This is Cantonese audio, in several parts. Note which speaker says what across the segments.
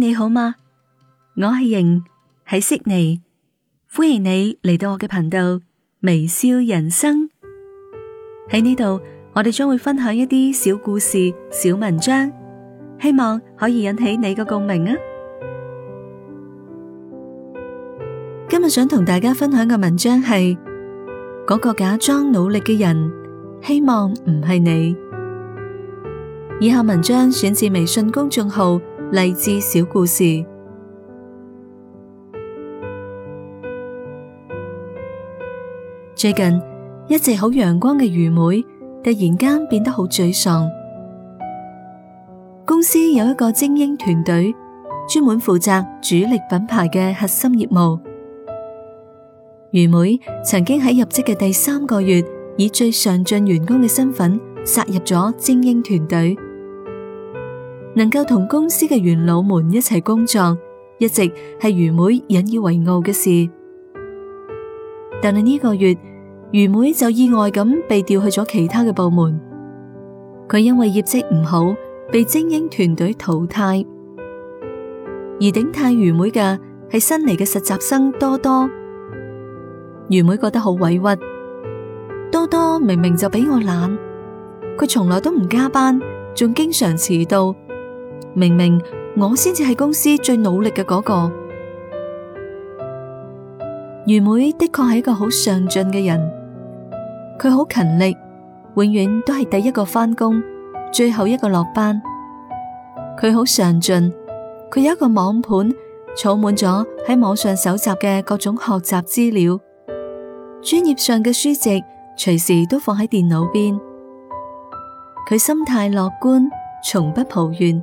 Speaker 1: 你好嗎？我係瑩，喺悉尼，歡迎你嚟到我嘅頻道微笑人生。喺呢度，我哋將會分享一啲小故事、小文章，希望可以引起你嘅共鳴啊！今日想同大家分享嘅文章係嗰個假裝努力嘅人，希望唔係你。以下文章選自微信公眾號。勵志小故事。最近，一直好陽光嘅魚妹突然間變得好沮喪。公司有一個精英團隊，專門負責主力品牌嘅核心業務。魚妹曾經喺入職嘅第三個月，以最上進員工嘅身份殺入咗精英團隊。能夠同公司嘅元老們一齊工作，一直係余妹引以為傲嘅事。但係呢個月，余妹就意外咁被調去咗其他嘅部門。佢因為業績唔好，被精英團隊淘汰，而頂替余妹嘅係新嚟嘅實習生多多。余妹覺得好委屈。多多明明就比我懶，佢從來都唔加班，仲經常遲到。明明我先至係公司最努力嘅嗰個。余妹的確係一個好上進嘅人，佢好勤力，永遠都係第一個翻工，最後一個落班。佢好上進，佢有一個網盤，儲滿咗喺網上搜集嘅各種學習資料、專業上嘅書籍，隨時都放喺電腦邊。佢心態樂觀，從不抱怨。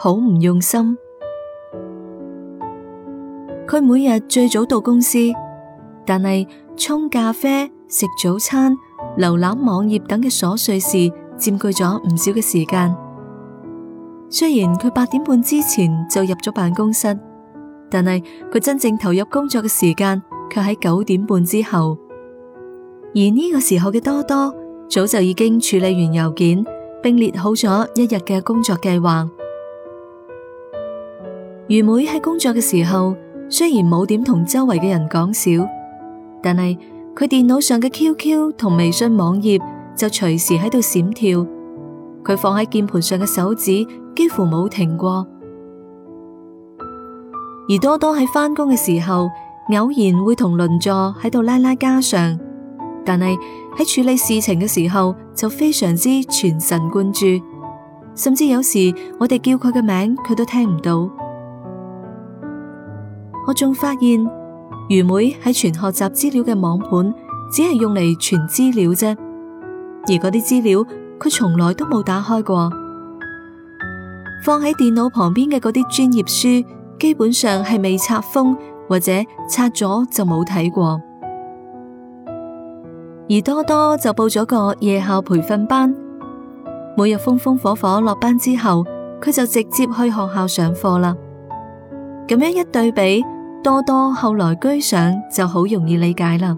Speaker 1: 好唔用心，佢每日最早到公司，但係沖咖啡、食早餐、瀏覽網頁等嘅瑣碎事佔據咗唔少嘅時間。雖然佢八點半之前就入咗辦公室，但係佢真正投入工作嘅時間卻喺九點半之後。而呢個時候嘅多多早就已經處理完郵件，並列好咗一日嘅工作計劃。餘妹喺工作嘅時候，雖然冇點同周圍嘅人講笑，但係佢電腦上嘅 QQ 同微信網頁就隨時喺度閃跳。佢放喺鍵盤上嘅手指幾乎冇停過。而多多喺翻工嘅時候，偶然會同鄰座喺度拉拉家常，但係喺處理事情嘅時候就非常之全神貫注，甚至有時我哋叫佢嘅名，佢都聽唔到。我仲發現，余妹喺存學習資料嘅網盤，只係用嚟傳資料啫，而嗰啲資料佢從來都冇打開過。放喺電腦旁邊嘅嗰啲專業書，基本上係未拆封或者拆咗就冇睇過。而多多就報咗個夜校培訓班，每日風風火火落班之後，佢就直接去學校上課啦。咁樣一對比。多多後來居上就好容易理解啦。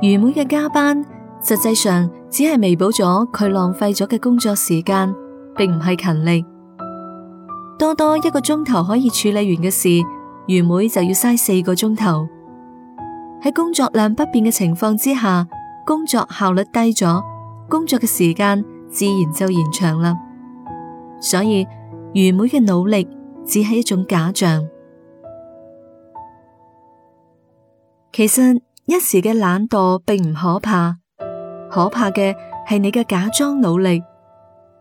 Speaker 1: 余妹嘅加班，實際上只係彌補咗佢浪費咗嘅工作時間，並唔係勤力。多多一個鐘頭可以處理完嘅事，余妹就要嘥四個鐘頭。喺工作量不變嘅情況之下，工作效率低咗，工作嘅時間自然就延長啦。所以余妹嘅努力只係一種假象。其實，一時嘅懶惰並唔可怕，可怕嘅係你嘅假裝努力，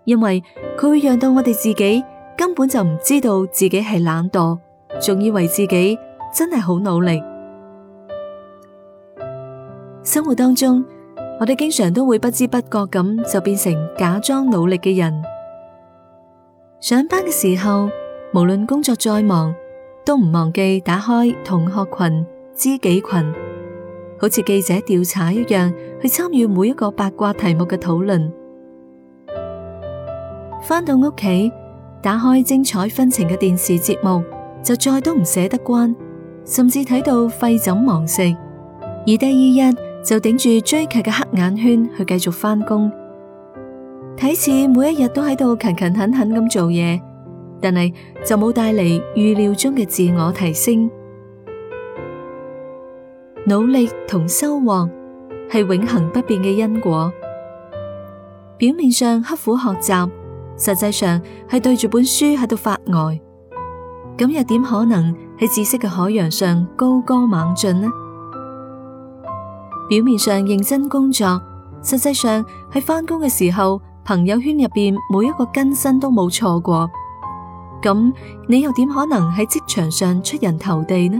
Speaker 1: 因為佢會讓到我哋自己根本就唔知道自己係懶惰，仲以為自己真係好努力。生活當中，我哋經常都會不知不覺咁就變成假裝努力嘅人。上班嘅時候，無論工作再忙，都唔忘記打開同學群。知己群，好似記者調查一樣，去參與每一個八卦題目嘅討論，返到屋企打開精彩紛呈嘅電視節目就再都唔捨得關，甚至睇到廢寢忘食，而第二日就頂住追劇嘅黑眼圈去繼續返工，睇似每一日都喺度勤勤懇懇咁做嘢，但係就冇帶嚟預料中嘅自我提升。努力同收穫係永恒不變嘅因果。表面上刻苦學習，實際上係對住本書喺度發呆，咁又點可能喺知識嘅海洋上高歌猛進呢？表面上認真工作，實際上喺返工嘅時候，朋友圈入邊每一個更新都冇錯過，咁你又點可能喺職場上出人頭地呢？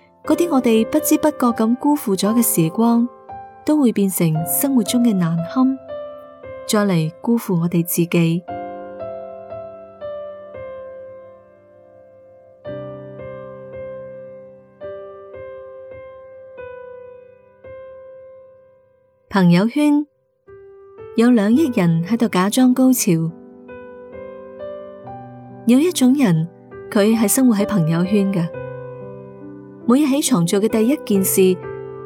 Speaker 1: 嗰啲我哋不知不覺咁辜負咗嘅時光，都會變成生活中嘅難堪，再嚟辜負我哋自己。朋友圈有兩億人喺度假裝高潮，有一種人，佢係生活喺朋友圈嘅。每日起床做嘅第一件事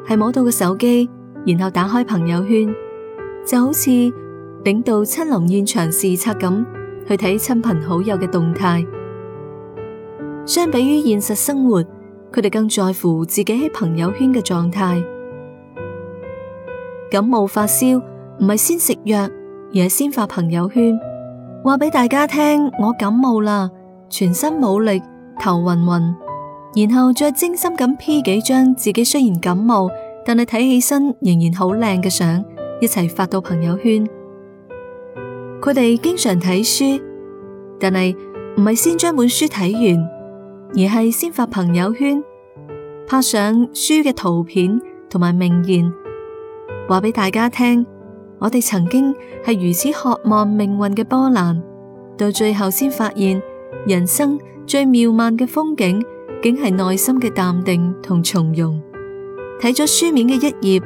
Speaker 1: 係摸到個手機，然後打開朋友圈，就好似領導，親臨現場視察咁，去睇親朋好友嘅動態。相比於現實生活，佢哋更在乎自己喺朋友圈嘅狀態。感冒發燒唔係先食藥，而係先發朋友圈，話俾大家聽，我感冒啦，全身冇力，頭暈暈。然後再精心咁 P 幾張自己雖然感冒，但係睇起身仍然好靚嘅相，一齊發到朋友圈。佢哋經常睇書，但係唔係先將本書睇完，而係先發朋友圈，拍上書嘅圖片同埋名言，話俾大家聽。我哋曾經係如此渴望命運嘅波瀾，到最後先發現人生最妙曼嘅風景，竟係內心嘅淡定同從容，睇咗書面嘅一頁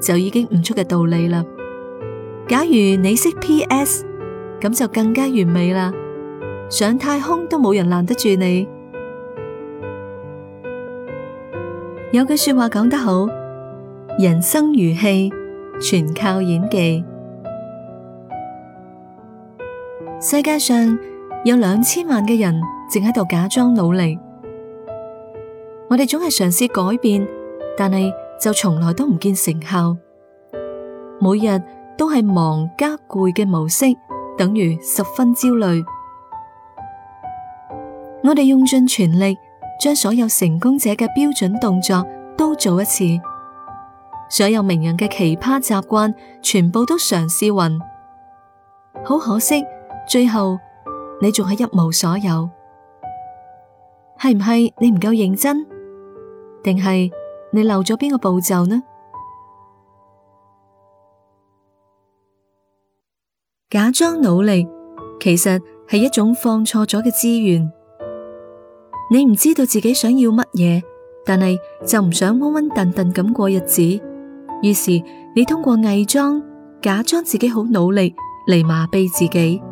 Speaker 1: 就已經悟出嘅道理啦。假如你識 P.S. 咁就更加完美啦。上太空都冇人攔得住你。有句話說話講得好：人生如戲，全靠演技。世界上有兩千萬嘅人正喺度假裝努力。我哋總係嘗試改變，但係就從來都唔見成效。每日都係忙加攰嘅模式，等於十分焦慮。我哋用盡全力，將所有成功者嘅標準動作都做一次，所有名人嘅奇葩習慣全部都嘗試勻。好可惜，最後你仲係一無所有。係唔係你唔夠認真？定係你漏咗邊個步驟呢？假裝努力其實係一種放錯咗嘅資源。你唔知道自己想要乜嘢，但係就唔想混混沌沌咁過日子，於是你通過偽裝，假裝自己好努力嚟麻痹自己。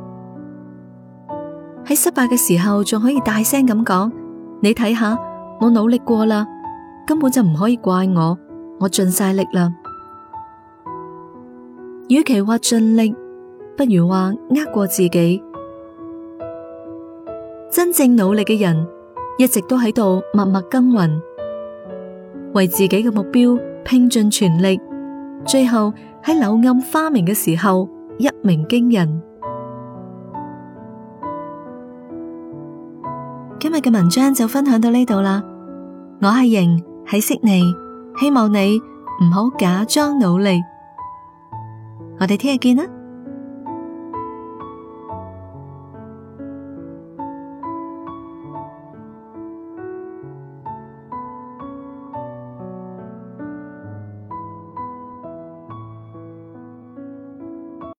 Speaker 1: 喺失敗嘅時候，仲可以大聲咁講：你睇下，我努力過啦。根本就唔可以怪我，我盡晒力啦。與其話盡力，不如話呃過自己。真正努力嘅人，一直都喺度默默耕耘，為自己嘅目標拼盡全力，最後喺柳暗花明嘅時候一鳴驚人。今日嘅文章就分享到呢度啦，我係瑩，喺悉尼，希望你唔好假裝努力。我哋聽日見啦。